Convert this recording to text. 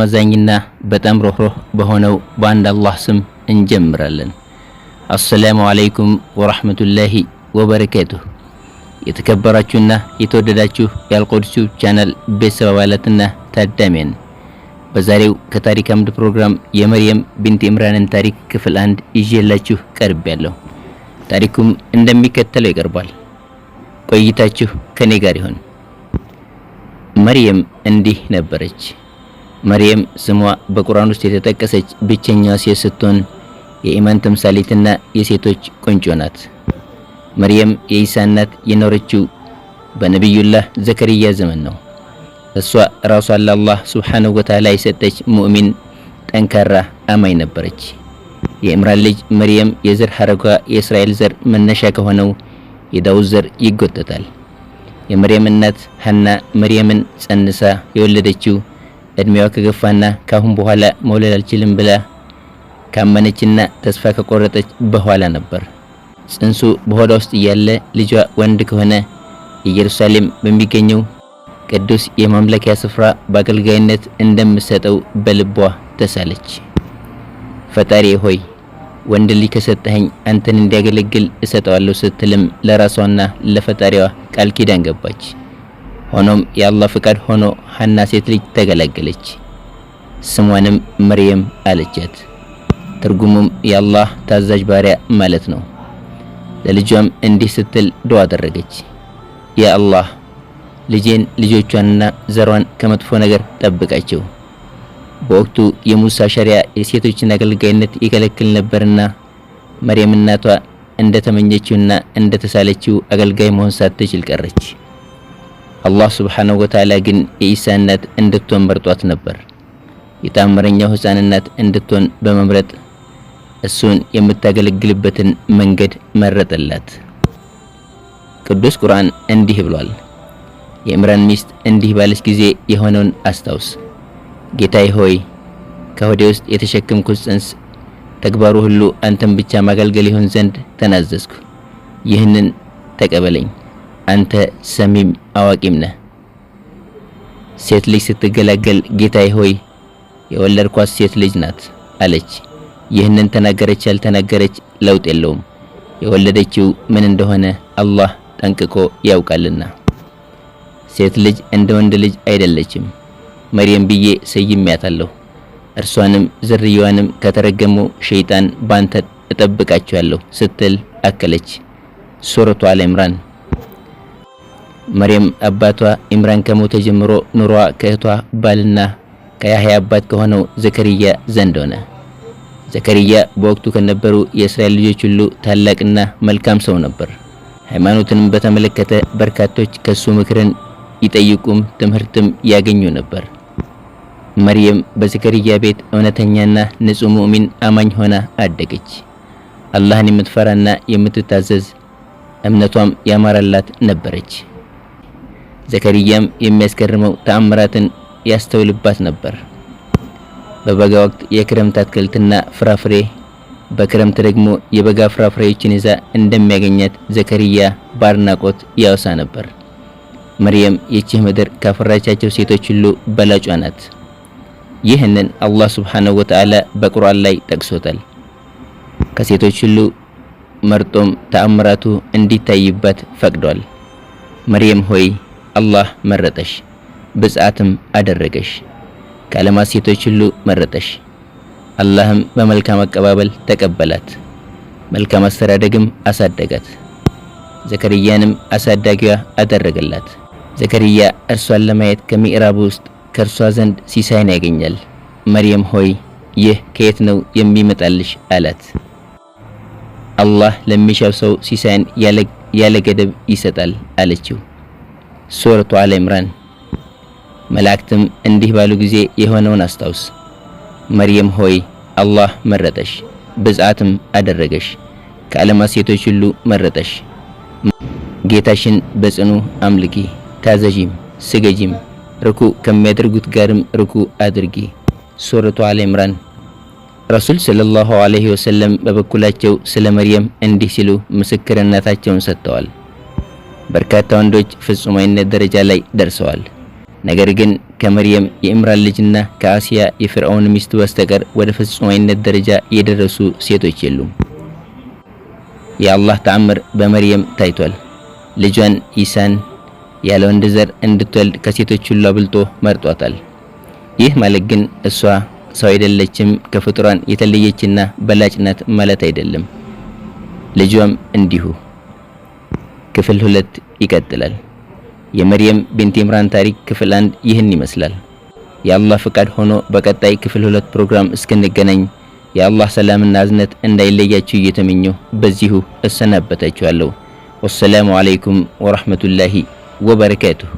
በጣም በጣም ሮህሮህ በሆነው በአንድ አላህ ስም እንጀምራለን። አሰላሙ አለይኩም ወራህመቱላሂ ወበረካቱሁ። የተከበራችሁና የተወደዳችሁ የአልቆድስ ቻናል ቤተሰብ አባላትና ታዳሚያን በዛሬው ከታሪክ አምድ ፕሮግራም የመርየም ቢንት ኢምራንን ታሪክ ክፍል አንድ ይዤላችሁ ቀርቤያለሁ። ታሪኩም እንደሚከተለው ይቀርባል። ቆይታችሁ ከኔ ጋር ይሁን። መርየም እንዲህ ነበረች። መርየም ስሟ በቁርአን ውስጥ የተጠቀሰች ብቸኛዋ ሴት ስትሆን የኢማን ተምሳሌትና የሴቶች ቁንጮ ናት። መርየም የኢሳ እናት የኖረችው በነቢዩላህ ዘከርያ ዘመን ነው። እሷ ራሷን ለአላህ ሱብሓነሁ ወተዓላ የሰጠች ሙእሚን፣ ጠንካራ አማኝ ነበረች። የእምራን ልጅ መርየም የዘር ሐረጓ የእስራኤል ዘር መነሻ ከሆነው የዳውድ ዘር ይጎተታል። የመርየም እናት ሐና መርየምን ጸንሳ የወለደችው እድሜዋ ከገፋና ካሁን በኋላ መውለድ አልችልም ብላ ካመነችና ተስፋ ከቆረጠች በኋላ ነበር ጽንሱ በሆዷ ውስጥ እያለ ልጇ ወንድ ከሆነ ኢየሩሳሌም በሚገኘው ቅዱስ የማምለኪያ ስፍራ በአገልጋይነት እንደምሰጠው በልቧ ተሳለች። ፈጣሪ ሆይ ወንድ ልጅ ከሰጠኸኝ አንተን እንዲያገለግል እሰጠዋለሁ ስትልም ለራሷና ለፈጣሪዋ ቃል ኪዳን ገባች። ሆኖም የአላህ ፍቃድ ሆኖ ሐና ሴት ልጅ ተገለገለች ስሟንም መርየም አለቻት። ትርጉሙም የአላህ ታዛዥ ባሪያ ማለት ነው። ለልጇም እንዲህ ስትል ዱዓ አደረገች። ያ አላህ ልጄን ልጆቿንና ዘሯን ከመጥፎ ነገር ጠብቃቸው። በወቅቱ የሙሳ ሸሪያ የሴቶችን አገልጋይነት ይከለክል ነበርና መርየም እናቷ እንደተመኘችውና እንደተሳለችው አገልጋይ መሆን ሳትችል ቀረች። አላህ ስብሓነሁ ወተዓላ ግን የኢሳ እናት እንድትሆን መርጧት ነበር። የታምረኛው ሕፃን እንድትሆን በመምረጥ እሱን የምታገለግልበትን መንገድ መረጠላት። ቅዱስ ቁርአን እንዲህ ብሏል። የእምራን ሚስት እንዲህ ባለች ጊዜ የሆነውን አስታውስ። ጌታዬ ሆይ ከሆዴ ውስጥ የተሸከምኩት ጽንስ ተግባሩ ሁሉ አንተን ብቻ ማገልገል ይሆን ዘንድ ተናዘዝኩ። ይህንን ተቀበለኝ። አንተ ሰሚም አዋቂም ነህ። ሴት ልጅ ስትገላገል ጌታዬ ሆይ የወለድኳት ሴት ልጅ ናት አለች። ይህንን ተናገረች ያልተናገረች ለውጥ የለውም። የወለደችው ምን እንደሆነ አላህ ጠንቅቆ ያውቃልና። ሴት ልጅ እንደ ወንድ ልጅ አይደለችም። መርየም ብዬ ሰይሜያታለሁ። እርሷንም ዝርያዋንም ከተረገሙ ሸይጣን ባንተ እጠብቃቸዋለሁ ስትል አከለች። ሱረቱ አል ዒምራን መርየም አባቷ ኢምራን ከሞተ ጀምሮ ኑሮዋ ከእህቷ ባልና ከያህያ አባት ከሆነው ዘከርያ ዘንድ ሆነ። ዘከርያ በወቅቱ ከነበሩ የእስራኤል ልጆች ሁሉ ታላቅና መልካም ሰው ነበር። ሃይማኖትንም በተመለከተ በርካቶች ከሱ ምክርን ይጠይቁም ትምህርትም ያገኙ ነበር። መርየም በዘከርያ ቤት እውነተኛና ንጹሕ ሙእሚን አማኝ ሆና አደገች። አላህን የምትፈራና የምትታዘዝ እምነቷም ያማራላት ነበረች። ዘከርያም የሚያስገርመው ተአምራትን ያስተውልባት ነበር። በበጋ ወቅት የክረምት አትክልትና ፍራፍሬ፣ በክረምት ደግሞ የበጋ ፍራፍሬዎችን ይዛ እንደሚያገኛት ዘከርያ በአድናቆት ያወሳ ነበር። መርየም የቺህ ምድር ካፈራቻቸው ሴቶች ሁሉ በላጯ ናት። ይህንን አላህ ሱብሓነሁ ወተዓላ በቁርአን ላይ ጠቅሶታል። ከሴቶች ሁሉ መርጦም ተአምራቱ እንዲታይባት ፈቅዷል። መርየም ሆይ አላህ መረጠሽ፣ ብፅዓትም አደረገሽ። ከዓለማት ሴቶች ሁሉ መረጠሽ። አላህም በመልካም አቀባበል ተቀበላት፣ መልካም አስተዳደግም አሳደጋት። ዘከርያንም አሳዳጊዋ አደረገላት። ዘከርያ እርሷን ለማየት ከሚዕራብ ውስጥ ከእርሷ ዘንድ ሲሳይን ያገኛል። መርየም ሆይ ይህ ከየት ነው የሚመጣልሽ? አላት። አላህ ለሚሻው ሰው ሲሳይን ያለ ገደብ ይሰጣል አለችው። ሱረቱ አለ ኢምራን። መላእክትም እንዲህ ባሉ ጊዜ የሆነውን አስታውስ። መርየም ሆይ አላህ መረጠሽ፣ ብፅዓትም አደረገሽ፣ ከዓለማት ሴቶች ሁሉ መረጠሽ። ጌታሽን በጽኑ አምልኪ፣ ታዘዢም፣ ስገጂም፣ ርኩ ከሚያደርጉት ጋርም ርኩ አድርጊ። ሱረቱ አለ ኢምራን። ረሱል ሰለላሁ ዐለይሂ ወሰለም በበኩላቸው ስለ መርየም እንዲህ ሲሉ ምስክርነታቸውን ሰጥተዋል። በርካታ ወንዶች ፍጹማዊነት ደረጃ ላይ ደርሰዋል። ነገር ግን ከመርየም የኢምራን ልጅና ከአሲያ የፍርዖን ሚስት በስተቀር ወደ ፍጹማዊነት ደረጃ የደረሱ ሴቶች የሉም። የአላህ ተአምር በመርየም ታይቷል። ልጇን ኢሳን ያለ ወንድ ዘር እንድትወልድ ከሴቶች ሁሉ አብልጦ መርጧታል። ይህ ማለት ግን እሷ ሰው አይደለችም፣ ከፍጡራን የተለየችና በላጭነት ማለት አይደለም። ልጇም እንዲሁ ክፍል ሁለት ይቀጥላል። የመርየም ቢንት ኢምራን ታሪክ ክፍል አንድ ይህን ይመስላል። የአላህ ፍቃድ ሆኖ በቀጣይ ክፍል ሁለት ፕሮግራም እስክንገናኝ የአላህ ሰላምና እዝነት እንዳይለያችሁ እየተመኘሁ በዚሁ እሰናበታችኋለሁ። ወሰላሙ አለይኩም ወራህመቱላሂ ወበረካቱሁ።